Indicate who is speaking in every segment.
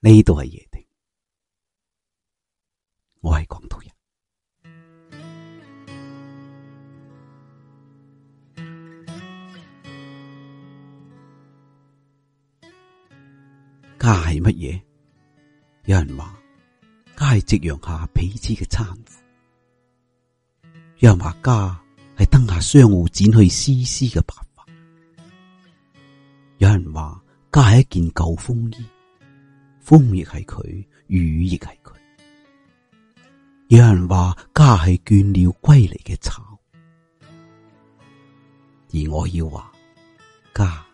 Speaker 1: 呢度係夜定，我係廣東人。家係乜嘢？有人話家係夕陽下彼此嘅攙扶；有人話家係燈下相互剪去絲絲嘅白髮；有人話家係一件舊風衣。風亦係佢，雨亦係佢。有人話家係倦鳥歸嚟嘅巢，而我要話家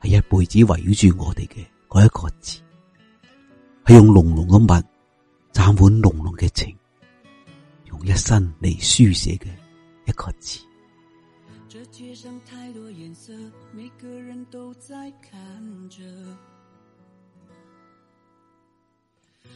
Speaker 1: 係一輩子圍繞住我哋嘅嗰一個字，係用濃濃嘅墨，蘸滿濃濃嘅情，用一生嚟書寫嘅
Speaker 2: 一個字。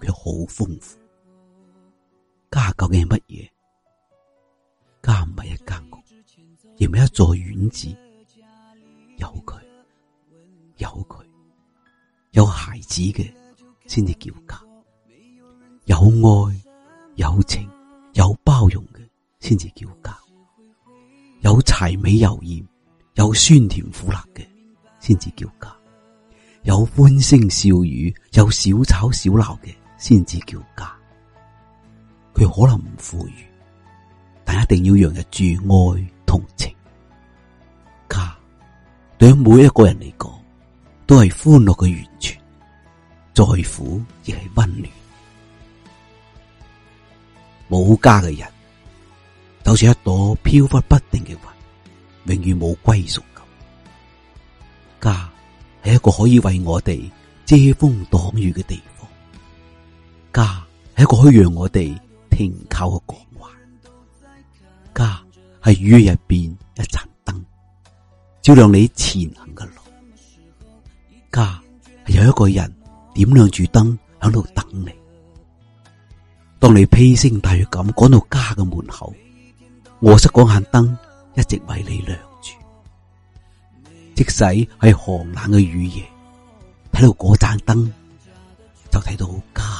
Speaker 1: 佢好豐富，家究竟係乜嘢？家唔係一間屋，而唔係一座院子，有佢，有佢，有孩子嘅先至叫家；有愛、有情、有包容嘅先至叫家；有柴米油鹽、有酸甜苦辣嘅先至叫家；有歡聲笑語、有小吵小鬧嘅。先至叫家，佢可能唔富裕，但一定要讓人住愛同情。家對每一個人嚟講，都係歡樂嘅源泉，再苦亦係溫暖。冇家嘅人，就像一朵飄忽不定嘅雲，永遠冇歸屬感。家係一個可以為我哋遮風擋雨嘅地方。家係一個可以讓我哋停靠嘅港灣，家係雨夜入邊一盞燈，照亮你前行嘅路。家係有一個人點亮住燈響度等你，當你披星戴月咁趕到家嘅門口，臥室嗰盞燈一直為你亮住，即使係寒冷嘅雨夜，睇到嗰盞燈就睇到家。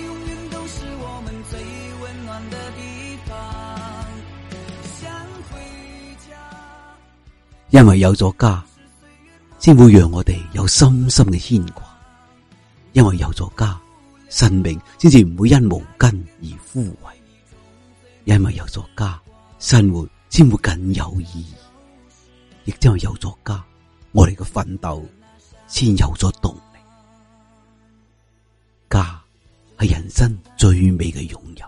Speaker 2: 永遠都是我們
Speaker 1: 最溫暖的地方。因為有咗家，先會讓我哋有深深嘅牽掛；因為有咗家，生命先至唔會因無根而枯萎；因為有咗家，生活先會更有意義；亦因係有咗家，我哋嘅奮鬥先有咗動力。真最美嘅擁有，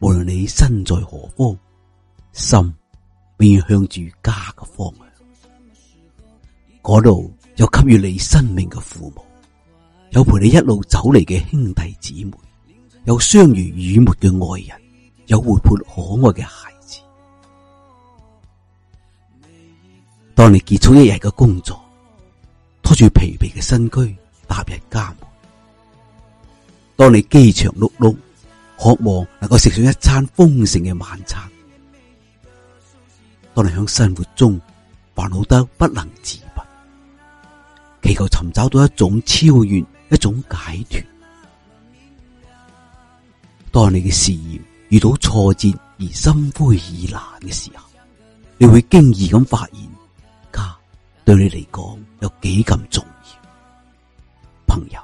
Speaker 1: 無論你身在何方，心便向住家嘅方向。嗰度有給予你生命嘅父母，有陪你一路走嚟嘅兄弟姊妹，有相濡以沫嘅愛人，有活潑可愛嘅孩子。當你結束一日嘅工作，拖住疲憊嘅身軀踏入家門。當你飢腸轆轆，渴望能夠食上一餐豐盛嘅晚餐；當你響生活中煩惱得不能自拔，祈求尋找到一種超越、一種解脫；當你嘅事業遇到挫折而心灰意冷嘅時候，你會驚異咁發現，家對你嚟講有幾咁重要，朋友。